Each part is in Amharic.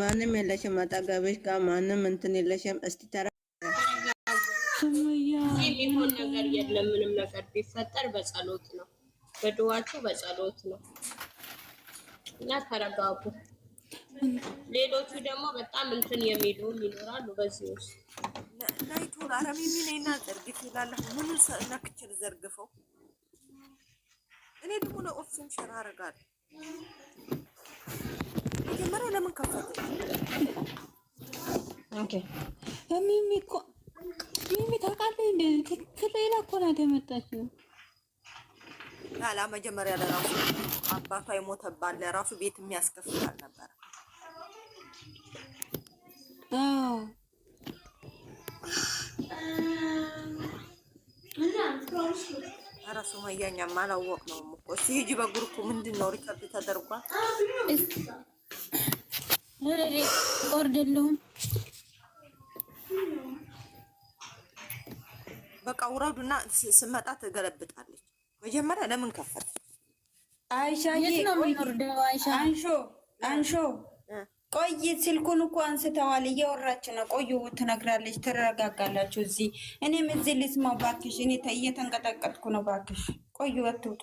ማንም የለሽም፣ አጠገብሽ ጋር ማንም እንትን የለሽም። እስቲ ተራ የሚሆን ነገር የለም። ምንም ነገር ቢፈጠር በጸሎት ነው፣ በድዋችሁ በጸሎት ነው እና ተረጋጉ። ሌሎቹ ደግሞ በጣም እንትን የሚሉም ይኖራሉ። በዚህ ውስጥ ናይቱን አረብ የሚለይና ዘርግፍ ይላል። ምን ነክችል ዘርግፈው እኔ ደግሞ ለኦፕሽን ሸራ አረጋለሁ መጀመሪያው ለምን ከፈቱ? ኦኬ ሚሚ እኮ ሚሚ ታውቃለህ እንዴ? ከሌላ እኮ ናት የመጣችው። አላ መጀመሪያ ለራሱ አባቷ የሞተባት ለራሱ ቤት የሚያስከፍል ነበር። አዎ ኧረ ሱመያ እኛም አላወቅነውም እኮ። እስኪ ሂጂ በእግር ምንድን ነው ሪከርድ ተደርጓል። ቆርደለሁም በቃ ውረዱና ስመጣ ትገለብጣለች። መጀመሪያ ለምን ከፈል አይሻዬ አንሾ ቆይ ስልኩን እኮ አንስተዋል። እየወራች ነው። ቆዩ ትነግራለች። ትረጋጋላችሁ። እዚህ እኔም እዚህ ልስማው ባክሽ። እኔ እየተንቀጠቀጥኩ ነው። ባክሽ ቆዩ፣ አትውጡ።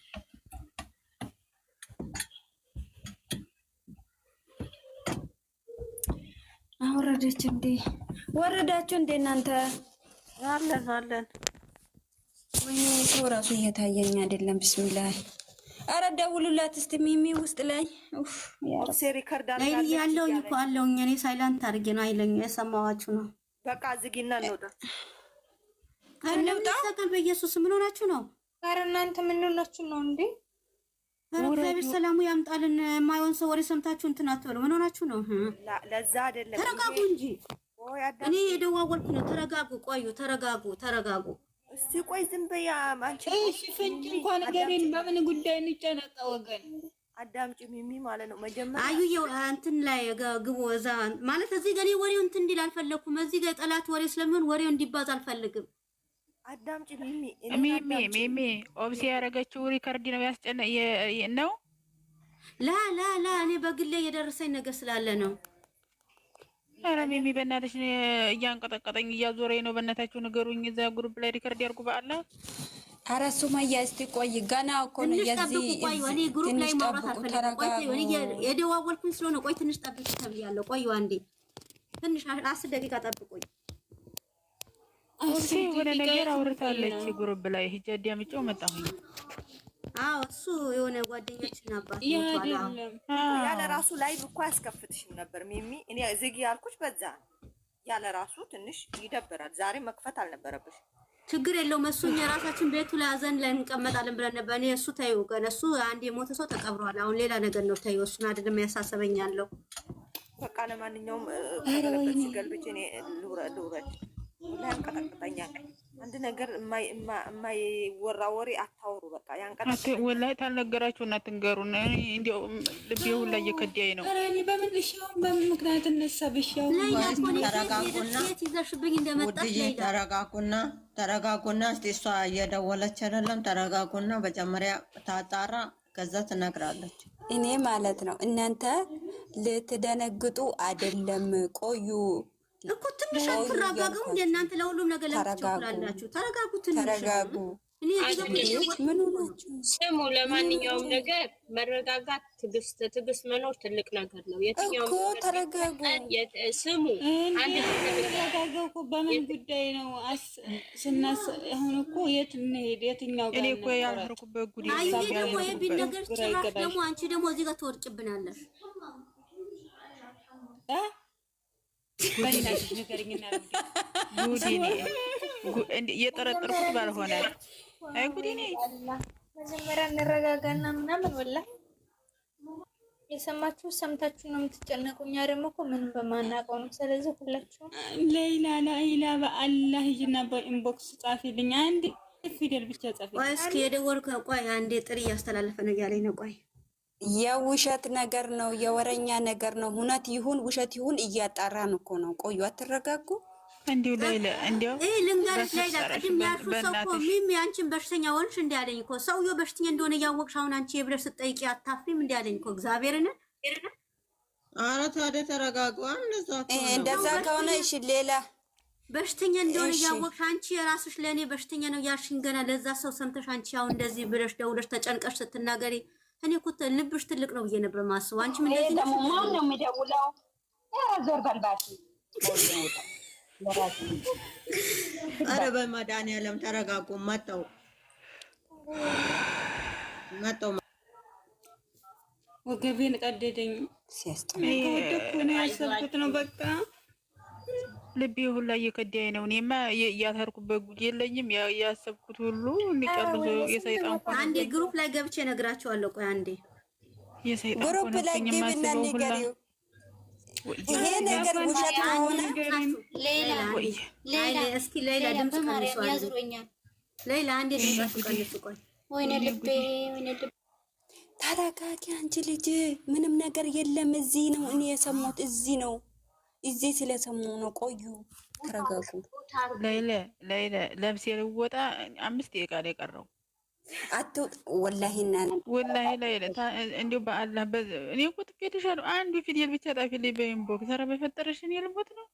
ወረደች እንዴ? ወረዳችሁ እንዴ እናንተ? አለን አለን። ወይኔ ሰው ራሱ እየታየኝ አይደለም። ቢስሚላህ አረ ደውሉላት እስቲ ሚሚ ውስጥ ላይ ያለውኝ እኮ አለውኝ። እኔ ሳይላንት አድርጌ ነው አይለኝ። የሰማዋችሁ ነው። በቃ ዝጊና እንውጣ እንውጣ። በኢየሱስ ምን ሆናችሁ ነው? አረ እናንተ ምን ሆናችሁ ነው እንዴ? እግዚአብሔር ሰላሙ ያምጣልን። የማይሆን ሰው ወሬ ሰምታችሁ እንትን አትበሉ። ምን ሆናችሁ ነው? ለዛ አይደለም ተረጋጉ እንጂ እኔ የደዋወልኩ ነው። ተረጋጉ፣ ቆዩ፣ ተረጋጉ፣ ተረጋጉ። እስቲ ቆይ ዝም በይ አንቺ። ፍንጭ እንኳን ገሬን በምን ጉዳይ እንጨነቀ? ወገን አዳምጪ፣ ሚሚ ማለት ነው። መጀመሪያ አዩዬው እንትን ላይ ግቦ እዛ ማለት እዚህ ገኔ ወሬው እንትን እንዲል አልፈለግኩም። እዚህ ጋር ጠላት ወሬ ስለሚሆን ወሬው እንዲባዝ አልፈልግም። አዳምጪ ሚሚ ሚሚ ኦብሲ ያደረገችው ሪከርድ ነው ያስጨነ ነው። ላ ላ ላ እኔ በግሌ የደረሰኝ ነገር ስላለ ነው። ኧረ ሚሚ በእናትሽ እያንቀጠቀጠኝ እያዞረኝ ነው። በእናታችሁ ንገሩኝ። እዛ ግሩፕ ላይ ሪከርድ ያርጉ በአላ ኧረ ሱመያ እስቲ ቆይ ገና እኮ ነው። የዚህ እኔ ግሩፕ ላይ ማውራት አልፈለግም። የደዋወልኩኝ ስለሆነ ቆይ ትንሽ ጠብቂ ተብያለሁ። ቆይ አንዴ ትንሽ አስር ደቂቃ ጠብቁኝ። እሱ የሆነ ነገር አውርታለች ግሩብ ላይ ሂጅ አዳምጪው መጣሁኝ። አዎ እሱ የሆነ ጓደኛችን አባት ያለ ራሱ ላይቭ እኮ ያስከፍትሽም ነበር ሚሚ። እኔ ዝጊ ያልኩሽ በዛ ያለ ራሱ ትንሽ ይደብራል ዛሬ መክፈት አልነበረብሽ። ችግር የለውም እሱ እኛ ራሳችን ቤቱ ላይ አዘን ላይ እንቀመጣለን ብለን ነበር። እኔ እሱ ታዩ ገን እሱ አንድ የሞተ ሰው ተቀብሯል። አሁን ሌላ ነገር ነው ታዩ። እሱን አይደለም ያሳሰበኛለሁ። በቃ ለማንኛውም ገልብጭ ልውረድ አንድ ነገር የማይወራ ወሬ አታወሩ። በቃ ወላሂ ታልነገራችሁ እና ትንገሩ። ልቤ ሁላ እየከዳኝ ነው። በምን ምክንያት እነሳብሻው? ተረጋጉና ተረጋጉና፣ እሷ እየደወለች አይደለም። ተረጋጉና መጀመሪያ ታጣራ፣ ከዛ ትነግራለች። እኔ ማለት ነው እናንተ ልትደነግጡ አይደለም ቆዩ እኮ ትንሽ አትረጋገሙ። እናንተ ለሁሉም ነገር ለምትቸኩላላችሁ፣ ተረጋጉ፣ ትንሽ ተረጋጉ። ስሙ፣ ለማንኛውም ነገር መረጋጋት፣ ትግስት ትግስት መኖር ትልቅ ነገር ነው። የትኛውም ተረጋጉ። ስሙ፣ ተረጋጋው እኮ በምን ጉዳይ ነው ስናስ አሁን እኮ የት እንሄድ? የትኛው እኔ እኮ ያልኩበት ጉዳይ ደግሞ ቢነገር ጭራሽ ደግሞ አንቺ ደግሞ እዚህ ጋር ትወርጭብናለሽ የጠረጠርኩት ባልሆነ አይ መጀመሪያ እንረጋጋና ምናምን ወላ የሰማችሁ ሰምታችሁ ነው የምትጨነቁ። እኛ ደግሞ እኮ ምንም በማናውቀው ነው። ስለዚህ ሁላችሁም ሌላ ላይላ በአላህ ሂጂና በኢንቦክስ ጻፊልኝ አንድ ፊደል ብቻ ጻፊልኝ። ቆይ እስኪ የደወልኩ ቆይ አንዴ ጥሪ እያስተላለፈ ነው እያለኝ ነው ቆይ የውሸት ነገር ነው፣ የወረኛ ነገር ነው። እውነት ይሁን ውሸት ይሁን እያጣራን እኮ ነው። ቆዩ፣ አትረጋጉ። እንዲሁ ላይለ እንዲሁ ይህ ልንገርሽ ላይለ ቅድም ያልሽው ሰው እኮ ሚሚ አንቺን በሽተኛ ወንሽ እንዲያለኝ ያለኝ እኮ ሰውዬው በሽተኛ እንደሆነ እያወቅሽ አሁን አንቺ የብለሽ ስጠይቂ አታፍሪም? እንዲያለኝ እኮ እግዚአብሔርን። ኧረ ታዲያ ተረጋጉ። እንደዛ ከሆነ እሺ ሌላ በሽተኛ እንደሆነ እያወቅሽ አንቺ የራስሽ ለእኔ በሽተኛ ነው ያልሽኝ ገና ለዛ ሰው ሰምተሽ አንቺ አሁን እንደዚህ ብለሽ ደውለሽ ተጨንቀሽ ስትናገሪ እኔ እኮ ልብሽ ትልቅ ነው ብዬ ነበር ማስበው። አንቺ ምን እንደዚህ ነው? ማን ነው የሚደውለው? ዞር በልባሽ። አረ በመድኃኒዓለም ተረጋጉ። መጣው መጣው ወገቤን ቀደደኝ። ወደኩ ነው ያሰብኩት ነው በቃ ልቤ ላይ እየከዳኝ ነው። እኔማ እያተርኩበት ጉድ የለኝም። ያሰብኩት ሁሉ እንዲቀርዞ የሰይጣን አንዴ ግሩፕ ላይ ገብቼ እነግራቸዋለሁ። ቆይ አንዴ ግሩፕ ላይ ግብና ንገሪው ይሄ ነገር ውሸት ሆነ። እስኪ ሌላ ድምፅ ሌላ አንዴ ድምፅ ቀንሱ። ቆይ ወይኔ ልቤ ወይኔ ልቤ ተረጋጊ አንቺ ልጅ፣ ምንም ነገር የለም። እዚህ ነው እኔ የሰማሁት እዚህ ነው እዚህ ስለሰሙ ነው። ቆዩ፣ ተረጋጉ። ለይለ ለይለ ለብሴ ልወጣ አምስት ደቂቃ ላይ ቀረው። አቶ ወላሂና ወላሂ ለይለ እንዲሁ በአላህ እኔ እኮ ጥፌትሻለሁ። አንዱ ፊደል ብቻ ጣፊልኝ በኢንቦክስ። ኧረ በፈጠረሽ እኔ ልሞት ነው።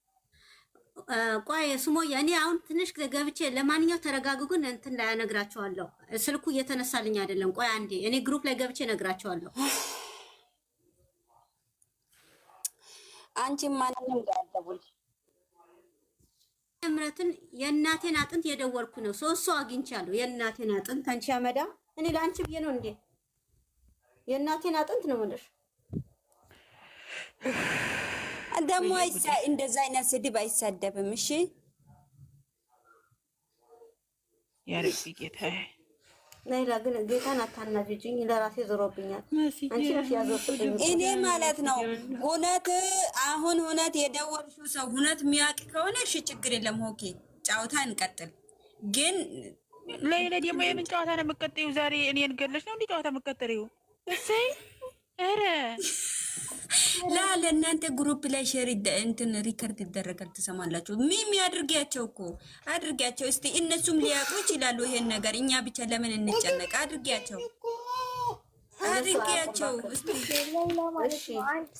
ቆይ ስሞያ እኔ አሁን ትንሽ ገብቼ፣ ለማንኛው ተረጋጉ። ግን እንትን ላይ እነግራቸዋለሁ። ስልኩ እየተነሳልኝ አይደለም። ቆይ አንዴ እኔ ግሩፕ ላይ ገብቼ እነግራቸዋለሁ። አንቺ ማንንም ጋር ደውል። እምረትን የእናቴን አጥንት የደወልኩ ነው። ሶስት ሰው አግኝቻለሁ። የእናቴን አጥንት አንቺ አመዳ፣ እኔ ለአንቺ ብዬ ነው እንዴ? የእናቴን አጥንት ነው የምልሽ። ደግሞ አይሳ እንደዛ አይነት ስድብ አይሳደብም። እሺ ያረብ ጌታዬ ናይላ ግን ጌታን አታናጅጅኝ፣ ለራሴ ዞሮብኛል። አንቺ ነሽ ያዞርብኝ። እኔ ማለት ነው እውነት አሁን እውነት የደወልሽው ሰው እውነት የሚያውቅ ከሆነ እሺ፣ ችግር የለም ሆኬ፣ ጫወታ እንቀጥል። ግን ለይለ ደግሞ የምን ጨዋታ ነው የምትቀጥዪው? ዛሬ እኔን ገለሽ ነው እንዲህ ጨዋታ የምትቀጥሪው? እሰይ ኧረ ላለ እናንተ ግሩፕ ላይ ሼር እንትን ሪከርድ ይደረጋል። ትሰማላችሁ? ሚሚ አድርጊያቸው እኮ አድርጊያቸው። እስቲ እነሱም ሊያውቁ ይችላሉ ይሄን ነገር። እኛ ብቻ ለምን እንጨነቅ? አድርጊያቸው አድንቄያቸው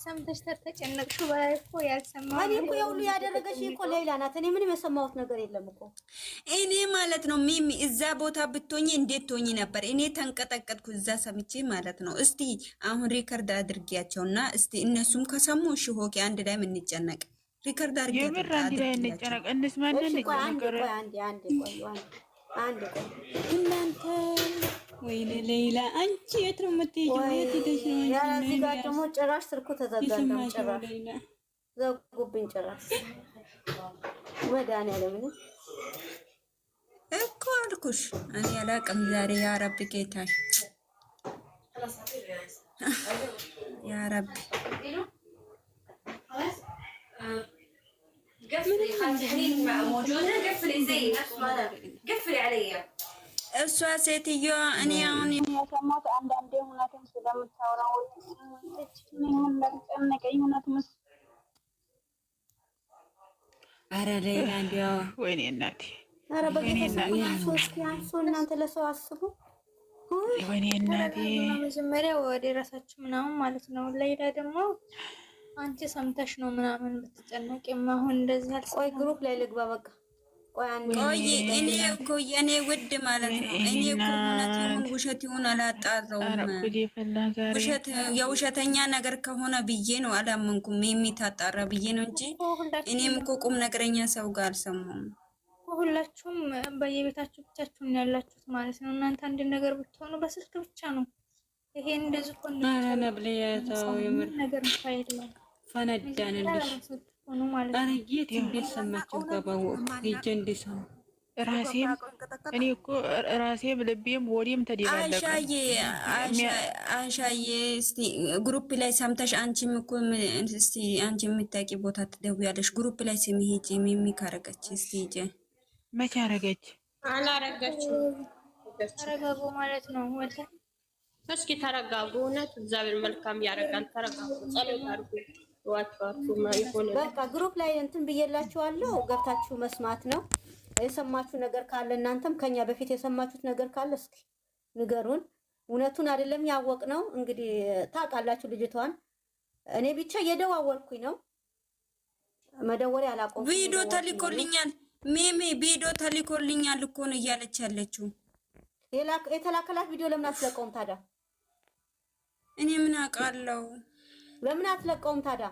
ሰምተሽ ተጨነቅሽ። ያሁሉ ያደረገች እኮ ሌላ ናት። እኔ ምንም የሰማሁት ነገር የለም እኮ እኔ ማለት ነው። ሚሚ እዛ ቦታ ብትሆኝ እንዴት ትሆኝ ነበር? እኔ ተንቀጠቀጥኩ እዛ ሰምቼ ማለት ነው። እስቲ አሁን ሪከርድ አድርጊያቸውና እስቲ እነሱም ከሰሙ ሽሆኬ አንድ ላይ የምንጨነቅ ሪከርድ አድርጊያቸው። ወይኔ ሌላ አንቺ የት ነው የምትሄጂው? የት ሄደሽ ነው? እዚህ ጋር ደግሞ ጭራሽ ስልኩ ተዘጋ። ጭራሽ ዘጉብኝ። ጭራሽ መድኃኒዓለም እኮ አልኩሽ። እኔ አላቅም ዛሬ። ያ ረቢ ጌታዬ፣ ያ ረቢ ምንም እሷ ሴትዮዋ እኔ አሁን የሚያሰማት አንዳንዴ እውነትን ስለምታወራው ጨነቀኝ። እውነት ምስ አረ ሌላ እንዲያው ወይኔ እናቴ፣ አረ በጌታሶስቲያንሶ እናንተ ለሰው አስቡ። ወይኔ እናቴ፣ መጀመሪያ ወደ ራሳችሁ ምናምን ማለት ነው። ሌላ ደግሞ አንቺ ሰምተሽ ነው ምናምን ብትጨነቅ። አሁን እንደዚህ አልቆይ ግሩፕ ላይ ልግባ በቃ ቆይ እኔ እኮ የኔ ውድ ማለት ነው። እኔ እኮ እውነት ውሸት ይሁን አላጣራውም። የውሸተኛ ነገር ከሆነ ብዬ ነው አላመንኩም። የሚታጣራ ብዬ ነው እንጂ እኔም እኮ ቁም ነገረኛ ሰው ጋር አልሰማሁም። ሁላችሁም በየቤታችሁ ብቻችሁን ያላችሁት ማለት ነው። እናንተ አንድ ነገር ብትሆኑ በስልክ ብቻ ነው። ይሄ እንደዚህ ነገር ሆኖ ማለት ነው። አረጌት ራሴም እኔ እኮ ራሴም ልቤም ወዲም ተደባለቀ። አንሻዬ እስቲ ግሩፕ ላይ ሰምተሽ አንቺም እኮ እስቲ አንቺ የምታቂ ቦታ ትደውያለሽ። ግሩፕ ላይ ስሚ ሂጂ። ሚሚ ካረገች እስቲ ሂጂ። መቼ አረገች? አላረገች ተረጋጉ ማለት ነው። እስኪ ተረጋጉ። እውነት እግዚአብሔር መልካም ያረጋል። ተረጋጉ፣ ጸሎት አድርጉ። በቃ ግሩፕ ላይ እንትን ብዬላችኋለሁ፣ ገብታችሁ መስማት ነው። የሰማችሁ ነገር ካለ እናንተም ከኛ በፊት የሰማችሁት ነገር ካለ እስኪ ንገሩን። እውነቱን አይደለም ያወቅ ነው እንግዲህ ታውቃላችሁ። ልጅቷን እኔ ብቻ እየደዋወልኩኝ ነው፣ መደወሪያ አላቆም። ቪዲዮ ተልኮልኛል፣ ሜሜ ቪዲዮ ተልኮልኛል እኮ ነው እያለች ያለችው። የተላከላት ቪዲዮ ለምን አትለቀውም ታዲያ? እኔ ምን አውቃለሁ ለምን አትለቀውም ታዲያ?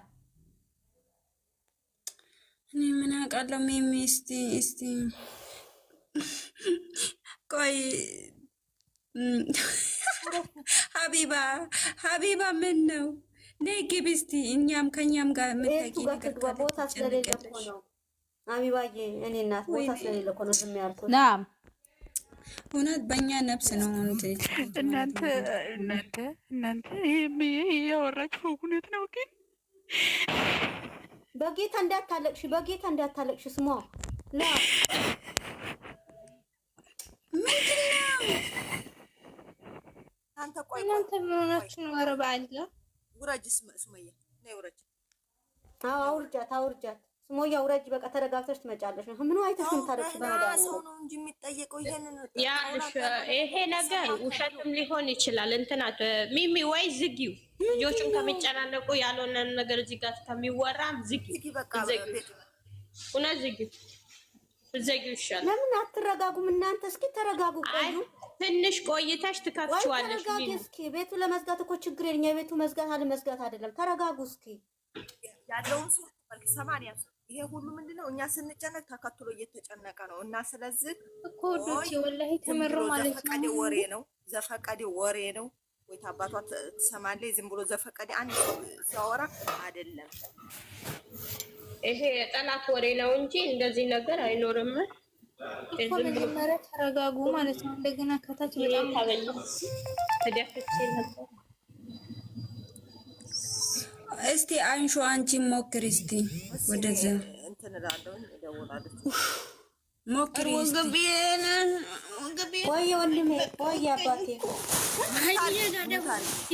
እኔ ምን አውቃለሁ። ሚሚ እስቲ እስቲ ቆይ ሀቢባ ሀቢባ ምን ነው ነይ ግቢ እስቲ እኛም ከእኛም ጋር የምታውቂ ነገር ቦታ ስለሌለ እኮ ነው ሀቢባዬ፣ እኔ እናት ቦታ ስለሌለ እኮ ነው ዝም ያልኩት። እውነት በእኛ ነብስ ነው። እናንተ እናንተ እናንተ ይህ እያወራችሁ እውነት ነው ግን በጌታ እንዳታለቅሽ፣ በጌታ እንዳታለቅሽ። ስሞ ና እናንተ ምን ሆናችሁ ነው? ኧረ በዓል ነው። ውረጅ ሱመያ፣ አውርጃት አውርጃት ሞያ ውረጅ፣ በቃ ተረጋግተሽ ትመጫለሽ ነው። ምኑ አይተሽም ታደርሽ ነው እንጂ የሚጠየቀው ይሄንን ያልሽ። ይሄ ነገር ውሸትም ሊሆን ይችላል። እንትናት ሚሚ ወይ ዝጊው፣ ልጆቹም ከሚጨናነቁ ያልሆነ ነገር እዚህ ጋር ከሚወራም ዝጊው፣ እውነት ዝጊው፣ ዝጊው ይሻላል። ለምን አትረጋጉም እናንተ? እስኪ ተረጋጉ፣ ቆዩ ትንሽ ቆይተሽ ትከፍችዋለሽ። ተረጋጊ እስኪ። ቤቱ ለመዝጋት እኮ ችግር የለኛ። የቤቱ መዝጋት አለመዝጋት አይደለም። ተረጋጉ እስኪ ያለውን ሰማንያ ይሄ ሁሉ ምንድነው? እኛ ስንጨነቅ ተከትሎ እየተጨነቀ ነው። እና ስለዚህ እኮ ወዶች ወላሂ ተመሩ ማለት ነው ዘፈቀዴ ወሬ ነው ዘፈቀዴ ወሬ ነው ወይ ታባቷ ትሰማለች። ዝም ብሎ ዘፈቀዴ አንድ ሲያወራ አይደለም። ይሄ የጠላት ወሬ ነው እንጂ እንደዚህ ነገር አይኖርም እኮ። መጀመሪያ ተረጋጉ ማለት ነው። እንደገና ከታች በጣም ታበይ ተደፍቼ ነበር እስቲ አንሹ፣ አንቺ ሞክሪ እስቲ። ወደዛ ሞክሪ ወንድሜ አባቴ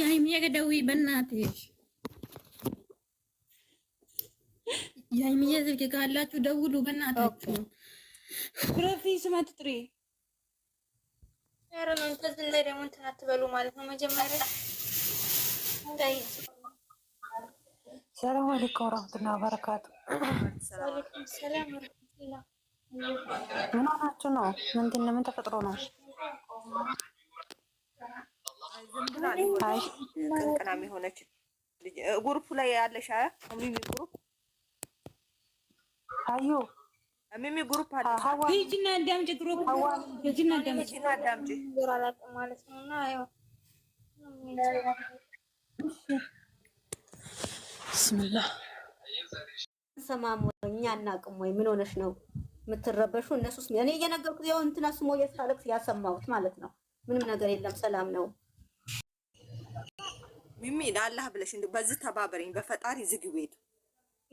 ሃይሚዬ ጋር በእናትሽ ስልክ ካላችሁ ደውሉ፣ በእናታችሁ ፕሮፊስ መጥሪ ያረ መንፈስ ላይ ደግሞ እንትን አትበሉ ማለት ነው መጀመሪያ السلام عليكم ورحمة الله وبركاته وعليكم السلام ورحمة الله من አናችሁ ምንድን ነው? ምን ተፈጥሮ ነው? ቅንቅናም የሆነች ግሩፕ ላይ ያለሽ ሚሚ ግሩፕ አዩ ሚሚ ግሩፕ አለ ሂጂና አዳምጪ ግሩፕ ሂጂና አዳምጪ ማለት ነው እና ብስምላ ሰማም እኛ አናቅም ወይ ምን ሆነሽ ነው የምትረበሹ? እነሱ እኔ እየነገርኩት ያው እንትና ስሞ እየሳለቅስ ያሰማሁት ማለት ነው። ምንም ነገር የለም ሰላም ነው። ሚሚ ለአላህ ብለሽ እንደው በዚህ ተባበረኝ በፈጣሪ ዝግ ቤቱ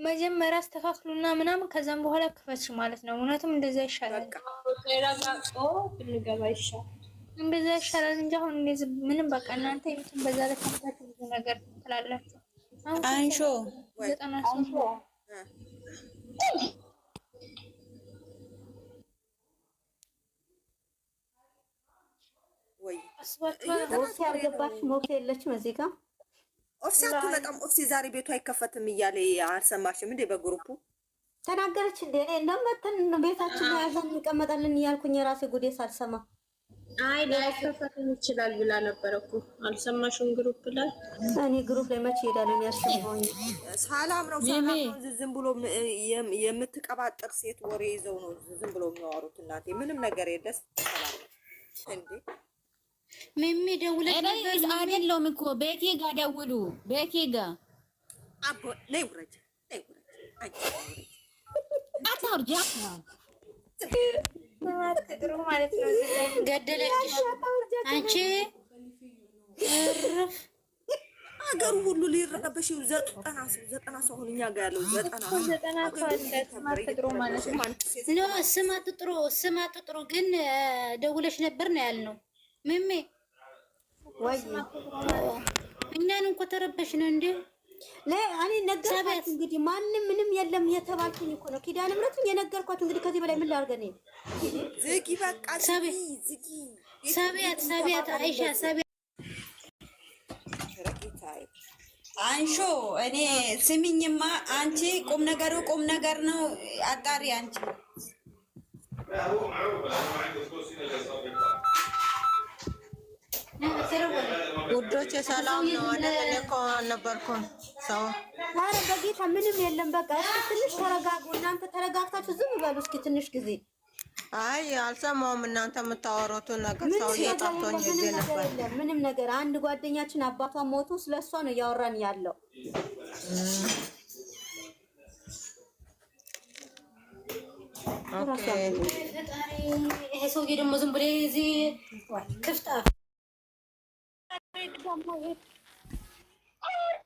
መጀመሪያ አስተካክሉና ምናምን ከዛም በኋላ ክፈትሽ ማለት ነው። እውነትም እንደዛ ይሻላል፣ እንደዛ ይሻላል እንጂ አሁን ምንም በቃ እናንተ ይምትን በዛ ላይ ብዙ ነገር ትላላችሁ። አንሾ ኦፍሲ አልገባችም። ኦፍሲ የለችም እዚህ ጋ ኦፍሲ አትመጣም። ኦፍሲ ዛሬ ቤቱ አይከፈትም እያለ አልሰማሽም እንዴ? በግሩፑ ተናገረች እንዴ? እኔ እንደመተን ቤታችን ያዘን እንቀመጣለን እያልኩኝ የራሴ ጉዴ ሳልሰማ አይ ላይከፈትም ይችላል ብላ ነበር እኮ አልሰማሽም? ግሩፕ ላይ እኔ ግሩፕ ላይ መቼ ሄዳለሁ ያስሰማሁኝ። ሰላም ነው ሰላም። ዝም ብሎ የምትቀባጥር ሴት ወሬ ይዘው ነው ዝም ብሎ የሚያወሩት። እናቴ ምንም ነገር የደስ ሰላም እንዴ ሚሚ ደውለሽ ነበር። አይደለም እኮ ቤቴ ጋ ደውሉ፣ ቤቴ ጋ አቦ ነይ ውረጅ፣ ነይ ውረጅ፣ አታውርጂ ገደለች አንቺ እርፍ። ሀገሩ ሁሉ ሊረበሽ ዘጠና ሰው ዘጠና ሰው አሁን እኛ ጋር ያለው ዘጠና ስም አትጥሩ፣ ስም አትጥሩ ግን ደውለሽ ነበር ነው ያልነው። ምሜ እኛን እንኳን ተረበሽን እንዴ እኔ ነገርኳት እንግዲህ ማንም ምንም የለም የተባልኩኝ እኮ ነው። ኪዳነ ምሕረትን የነገርኳት እንግዲህ ከዚህ በላይ ምን ላድርገን? ዝጊ በቃ ሰቢያት ሰቢያት አይሻ ሰቢያት አንሾ እኔ ስሚኝማ፣ አንቺ ቁም ነገሩ ቁም ነገር ነው። አጣሪ አንቺ ውዶች የሰላም ነው አለ። እኔ እኮ አልነበርኩም ሰው። ኧረ በጌታ ምንም የለም። በቃ እስኪ ትንሽ ተረጋጉ እናንተ ተረጋግታችሁ ዝም በሉ እስኪ ትንሽ ጊዜ። አይ አልሰማሁም እናንተ የምታወሩትን ነገር። ሰው እየጠፍቶኝ ጊዜ ነበር። ምንም ነገር አንድ ጓደኛችን አባቷ ሞቱ፣ ስለሷ ነው እያወራን ያለው። ኦኬ ይሄ ሰውዬ ደግሞ ዝም ብሎ እዚህ ክፍት Wait, come on.